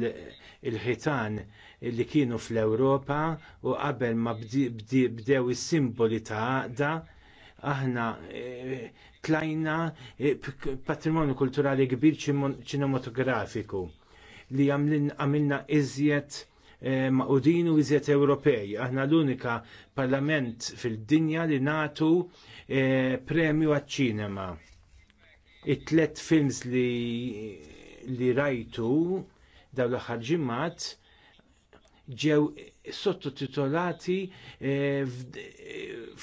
il-ħitan li kienu fl-Ewropa u qabel ma bdew is-simboli ta' għaqda aħna eh, tlajna eh, patrimonju kulturali kbir ċinematografiku li għamilna iżjed eh, maqudin u iżjed Ewropej. Aħna l-unika parlament fil-dinja li nagħtu premju għat-ċinema. It-tlet films li li rajtu daw l-aħħar ġimmat ġew sottotitolati eh,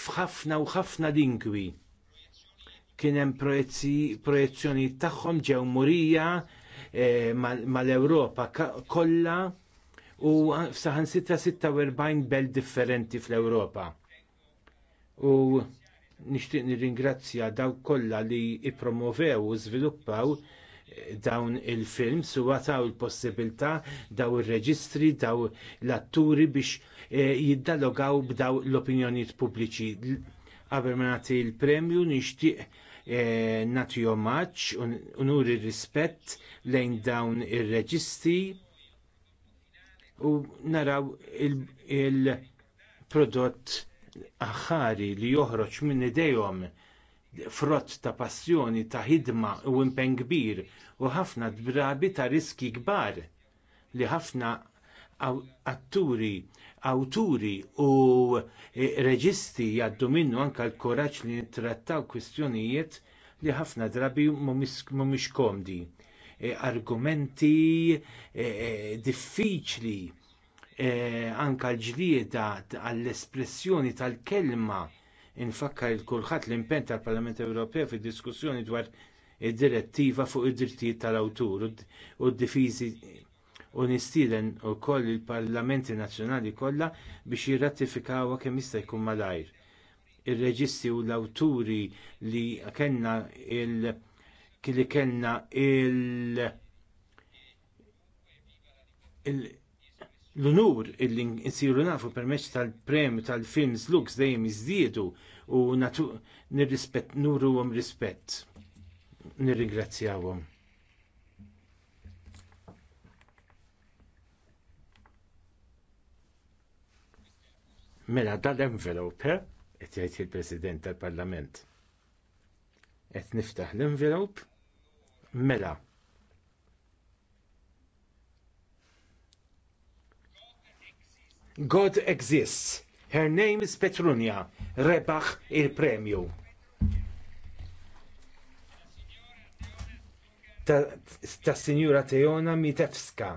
f'ħafna u ħafna lingwi. Kien hemm projezzjoni tagħhom ġew murija eh, mal-Ewropa kollha u saħan 46 belt differenti fl-Ewropa. U nixtieq nirringrazzja dawk kollha li ippromovew u żviluppaw dawn il-film su għataw il-possibilità daw il-reġistri, daw l-atturi biex eh, jiddalogaw b'daw l-opinjoniet pubbliċi. Qabel ma nagħti l-premju nixtieq eh, nagħti omaġġ u il rispett lejn dawn ir reġistri u naraw il-prodott aħħari li joħroġ minn idejhom frott ta' passjoni ta' ħidma u impenn kbir u ħafna drabi ta' riski kbar li ħafna atturi, awturi u e, reġisti jaddu minnu anke l koraċ li nittrattaw kwistjonijiet li ħafna drabi mhumiex komdi. E, argumenti e, diffiċli anke l-ġlieda għall-espressjoni tal-kelma infakkar il kulħadd l-impenn tal-Parlament Ewropew fid-diskussjoni dwar id-direttiva fuq id-drittijiet tal-awtur u d-difiżi u nistieden ukoll il-parlamenti nazzjonali kollha biex jirratifikawha kemm jista' jkun malajr. Ir-reġisti u l-awturi li kellna il li kellna il, il l-unur illi nsiru nafu permeċ tal-premju tal-films lux dejjem iżdiedu u nirrispett nir rispett. Nirringrazzjawhom. Mela dal-envelope, qed jgħid il-President tal-Parlament. Qed niftaħ l-envelope, mela. God exists. Her name is Petrunia. Rebaħ il-premju. Ta', ta Signora Teona Mitewska.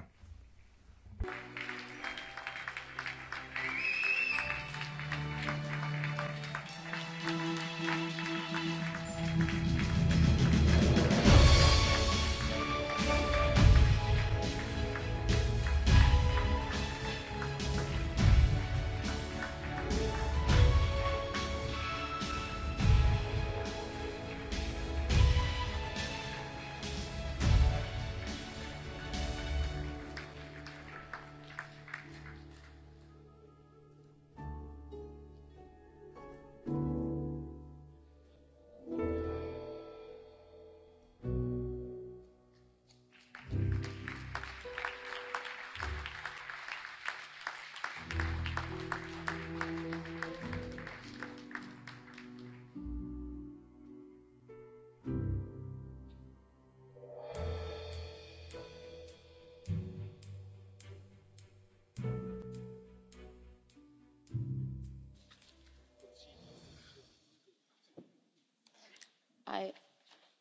I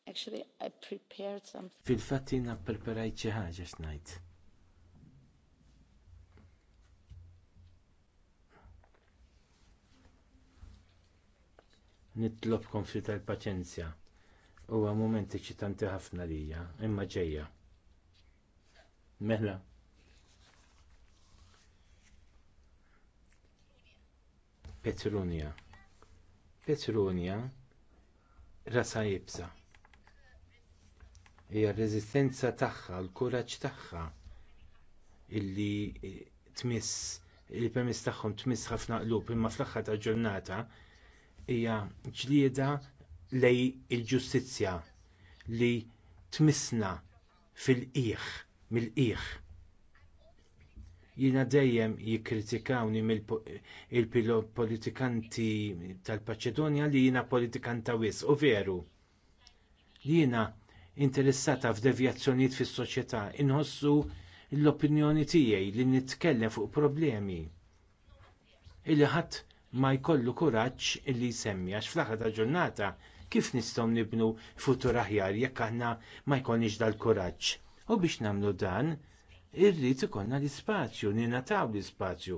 actually I prepared something. Fil-fatt jina preparajt xi ħaġa x'ngħid. Nitlobkom ftit tal-paċenzja. Huwa moment eċitanti ħafna lija, imma ġejja. Mela. Petrunia. Petrunia rasa jibsa. Hija r-reżistenza tagħha, l-kuraġġ tagħha illi eh, tmiss il-permess tagħhom tmiss ħafna qlub imma fl-aħħar tal-ġurnata hija ġlieda lejn il-ġustizzja li tmissna fil-qiegħ mill-qiegħ. Jiena dejjem jikkritikawni mill-politikanti tal-Paċedonja li jiena politikanta wis u veru. Li jiena interessata f'devjazzjonijiet fis-soċjetà inħossu l-opinjoni tiegħi li nitkellem fuq problemi illi ħadd ma jkollu kuraġġ li jsemmi għax fl-aħħar ta' ġurnata kif nistgħu nibnu futur aħjar jekk aħna ma jkollniex dal-kuraġġ. U biex nagħmlu dan, irrid ikollna l-ispazju, ninataw l-ispazju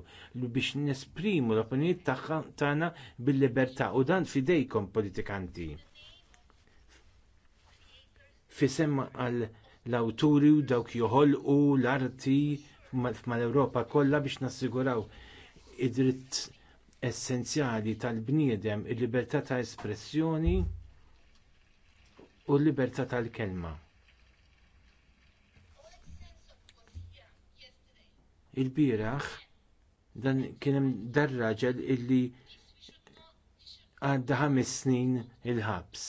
biex nesprimu l opinjoni tagħna bil-libertà u dan fidejkom politikanti. Fisem għal l-awturi u dawk joħolqu l-arti mal-Ewropa kollha biex nassiguraw id-dritt essenzjali tal-bniedem, il-libertà ta' espressjoni u l-libertà tal-kelma. Il-biraħ dan kien hemm dar raġel illi għadda ħames snin il-ħabs.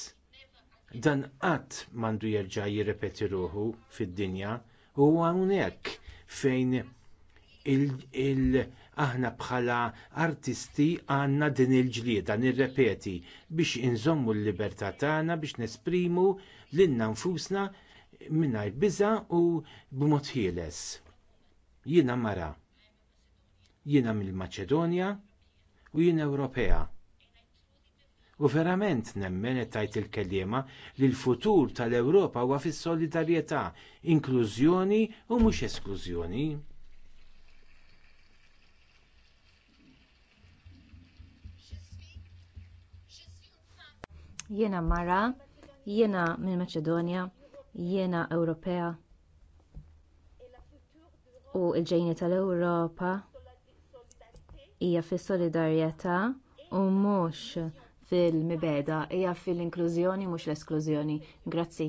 Dan qatt m'għandu jerġa' jirrepeti ruħu fid-dinja u hawnhekk fejn il- aħna bħala artisti għandna din il-ġlieda nirrepeti biex inżommu l-libertà tagħna biex nesprimu lilna nfusna mingħajr biża' u b'mod ħieles. Jiena mara. Jiena mill-Maċedonja u jina Ewropea. U verament nemmen qed tajt il-kelliema li l-futur tal-Ewropa huwa fis-solidarjetà, inklużjoni u mhux esklużjoni. Jiena mara, jiena mill-Maċedonja, jiena Ewropea, u l-ġejni tal-Ewropa hija fis-solidarjetà u mhux fil-mibeda hija fil-inklużjoni mhux l-esklużjoni. Grazzi.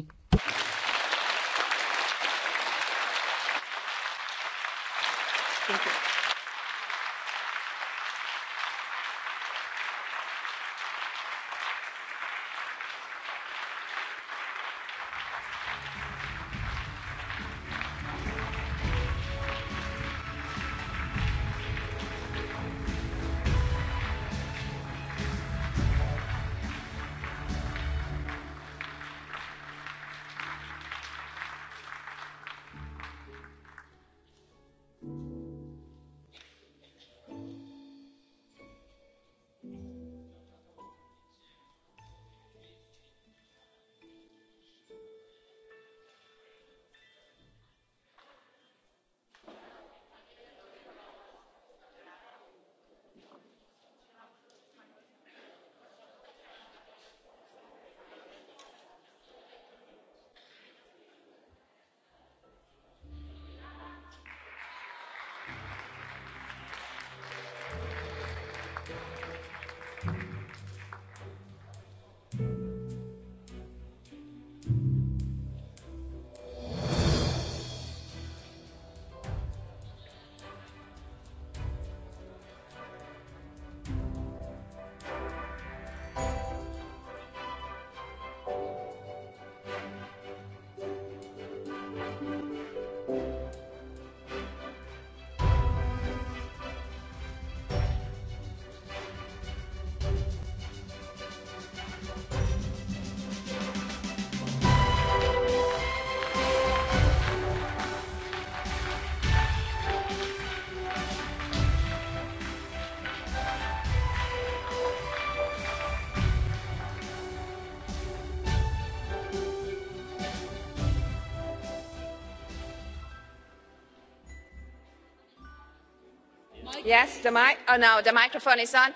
Yes, the mic, oh no, the microphone is on.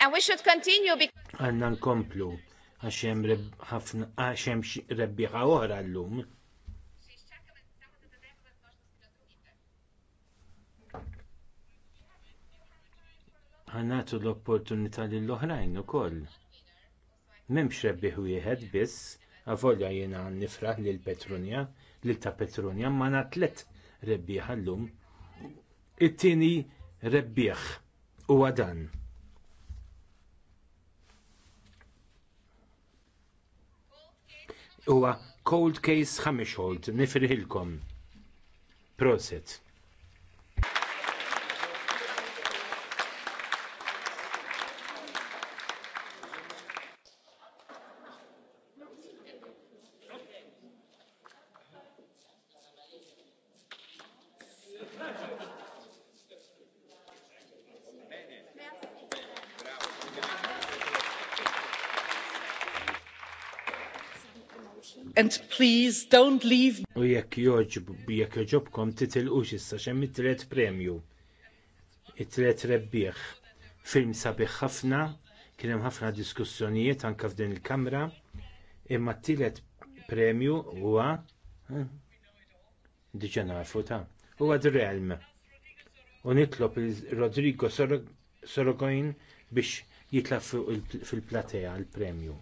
And we should continue because... Għanna nkomplu, għaxem rebbiħa oħra l-lum. ħanatu l-opportunità lill-oħrajn ukoll. M'hemmx rebbieħ wieħed biss, avolja jiena nifraħ lil Petrunja, lil ta' Petrunja ma nagħtlet rebbieħ llum. It-tieni rebbieħ u għadan. Huwa cold case ħamix hold, nifriħilkom. Proset. don't leave. U jekk joġb, jekk joġobkom titilqux issa xem it-tret premju. It-tret rebbieħ. Film sabiħ ħafna, kien hemm ħafna diskussjonijiet anke f'din il-kamra, imma t-tielet premju huwa eh, diġà nafu ta' huwa d-realm. U nitlob il-Rodrigo Sorogoin biex jitlaq fil-platea l-premju.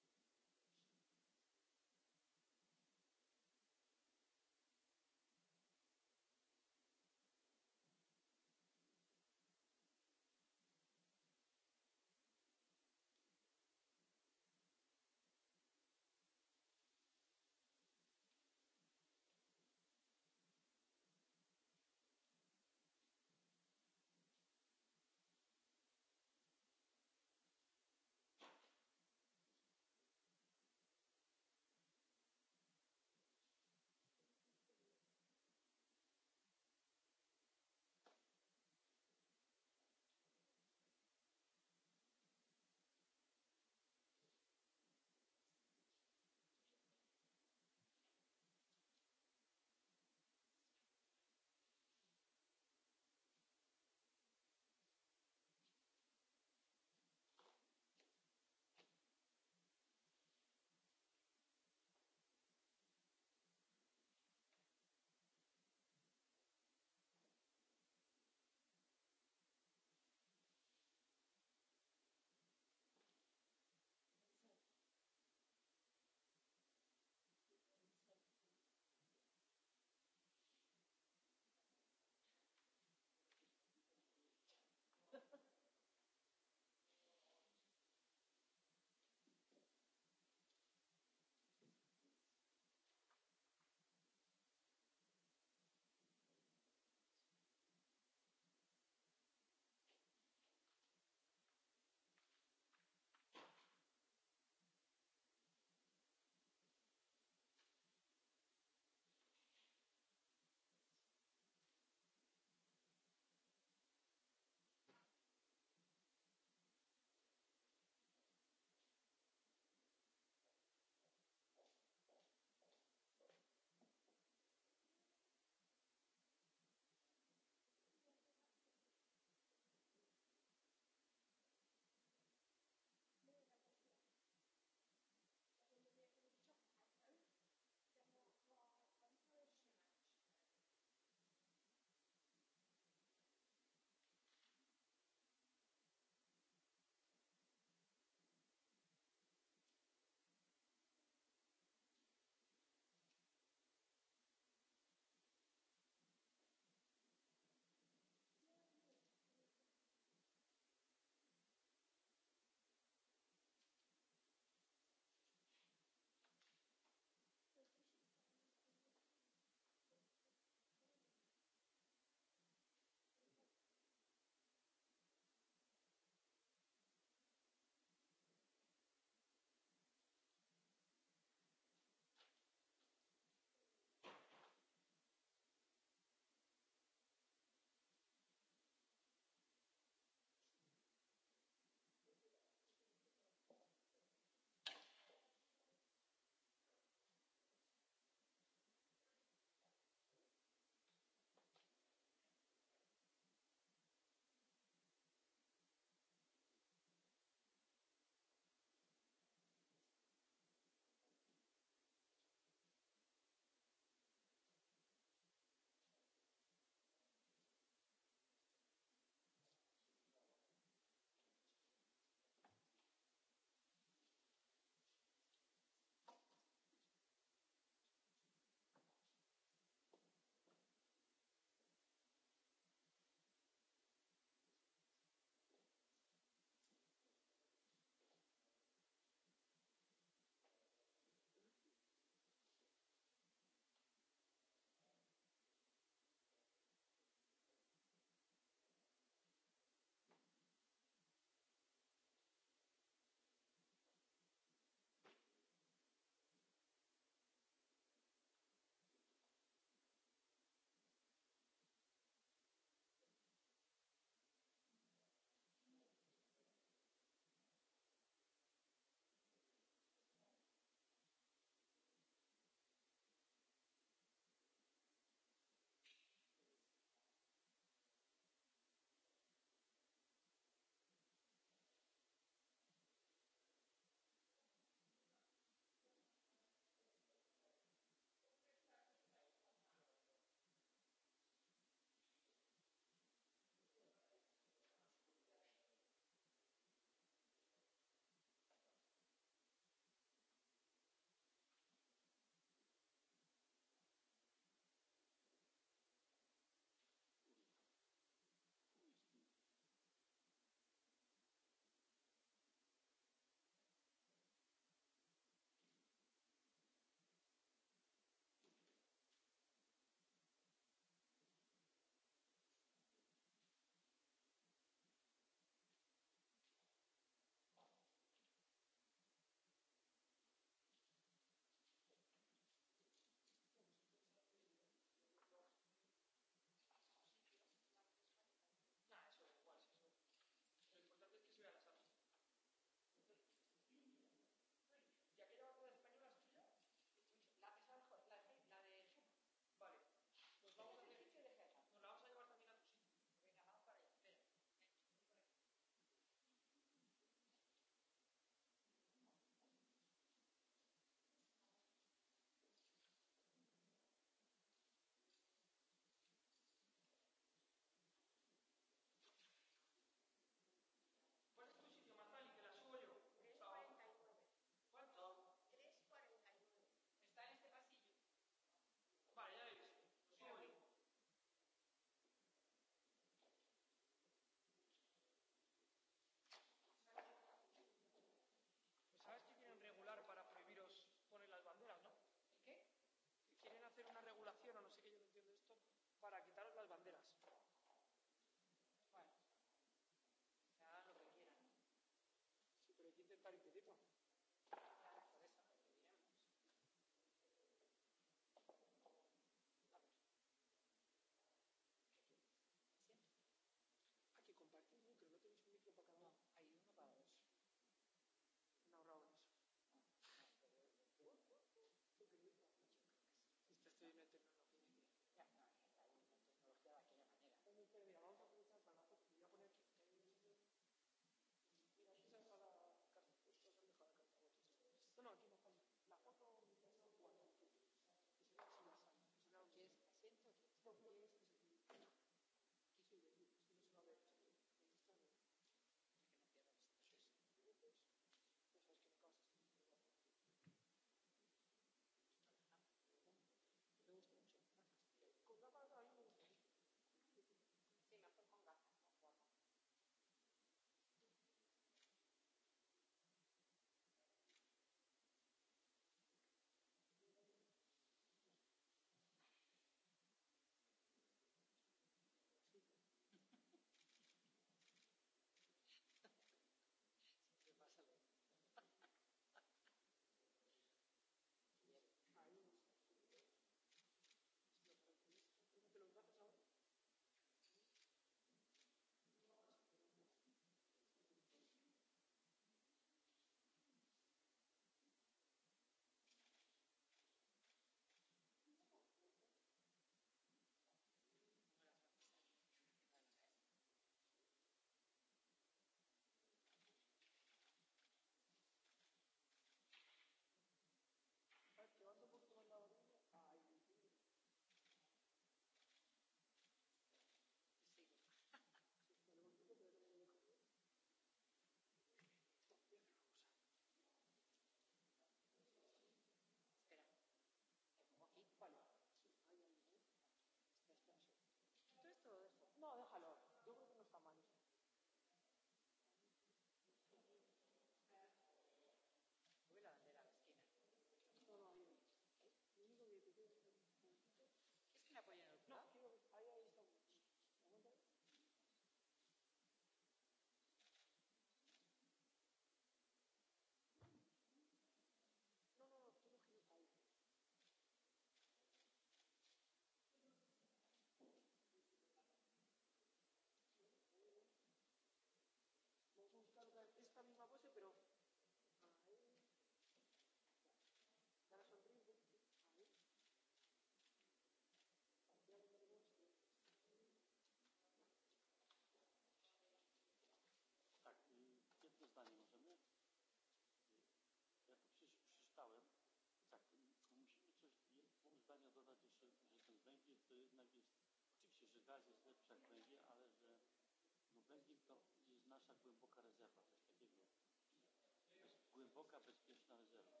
głęboka, bezpieczna rezerwa.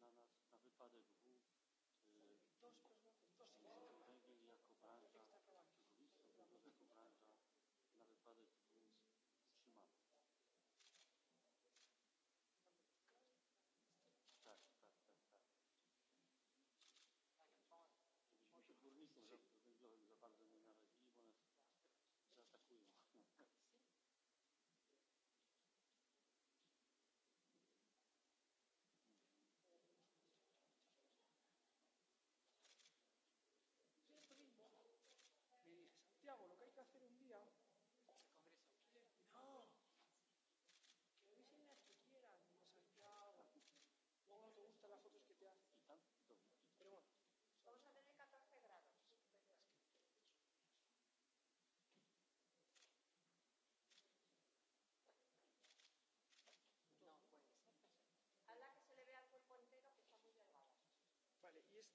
pracę dla nas na wypadek W węgiel jako branża, górnictwo jako branża na wypadek W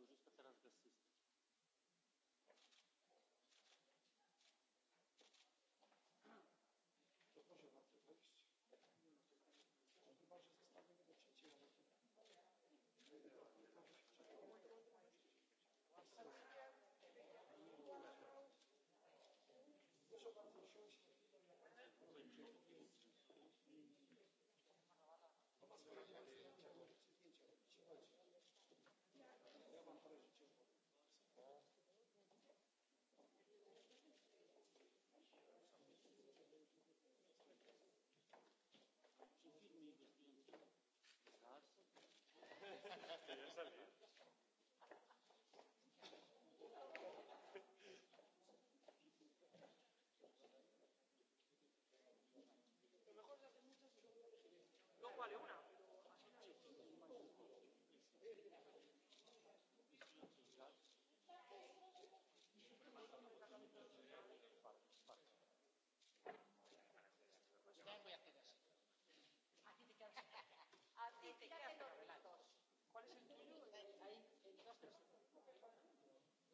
ġusta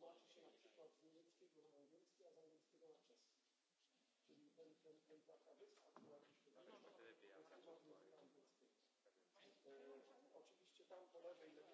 zobaczy się na przykład z niemieckiego na angielski, a z angielskiego na czeski. Czyli ten, ten, ten taka wyspa, która jest na angielskiego. Oczywiście tam po lewej, lewej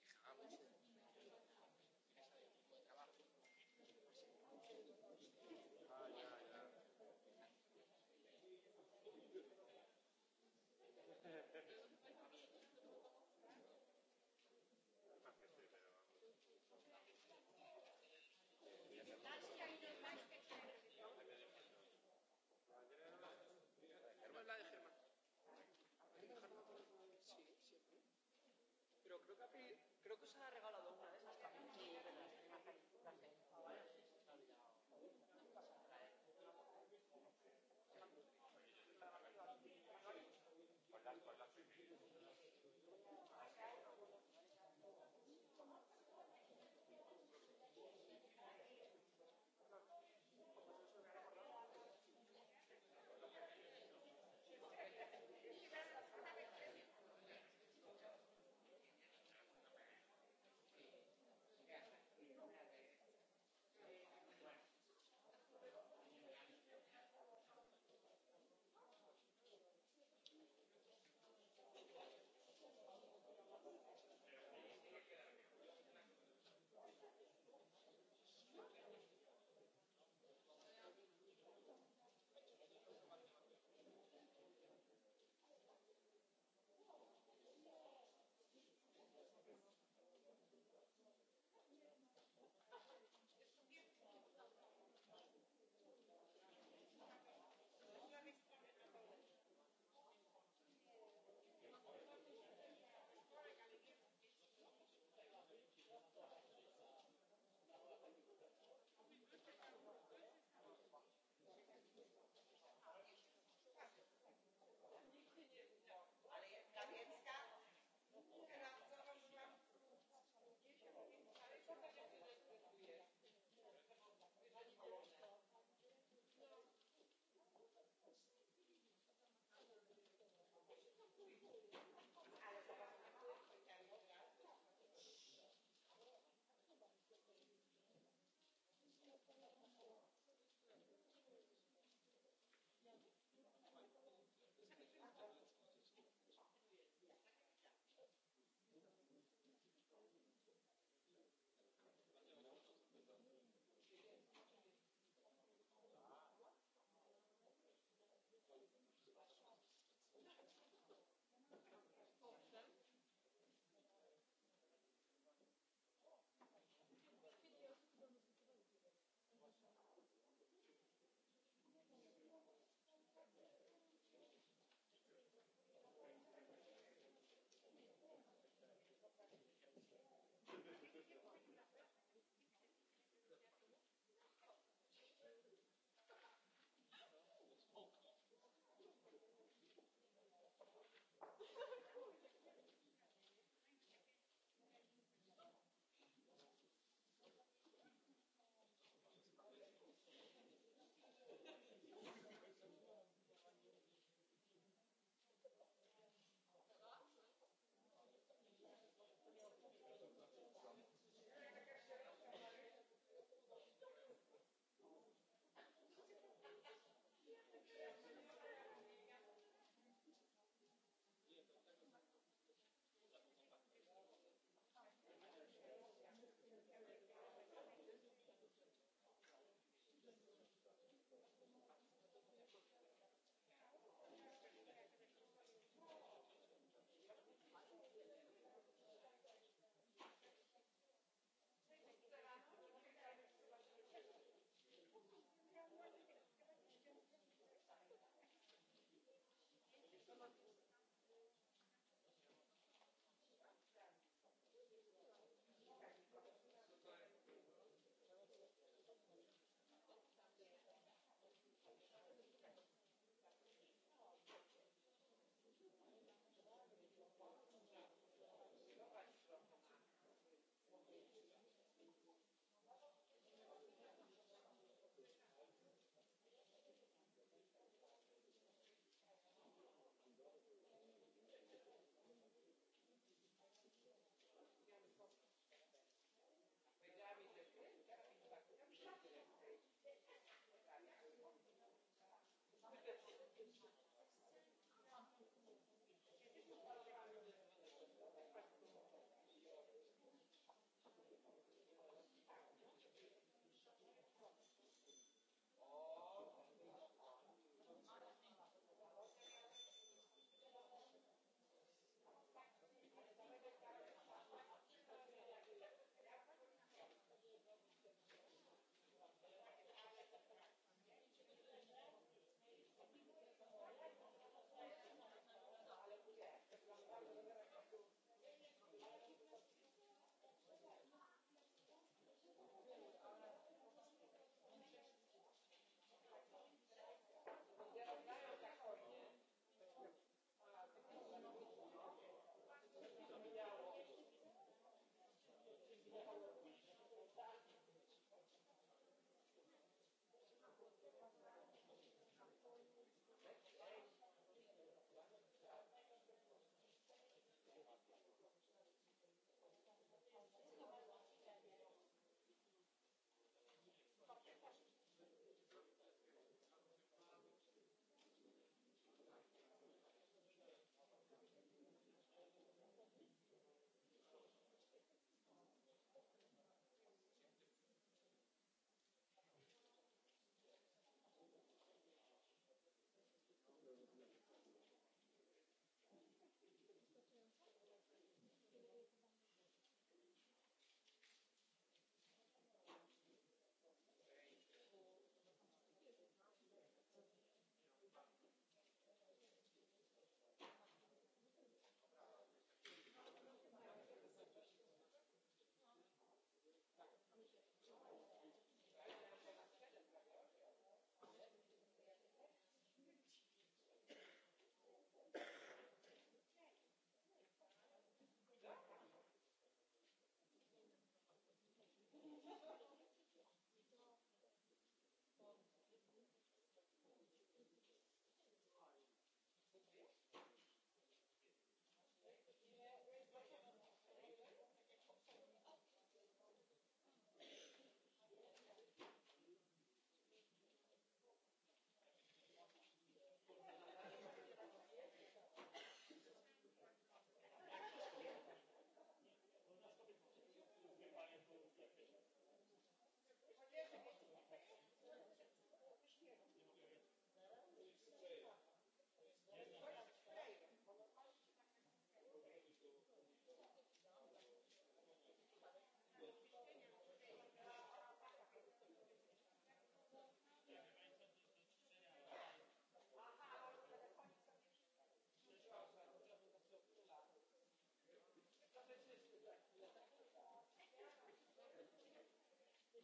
Look at me.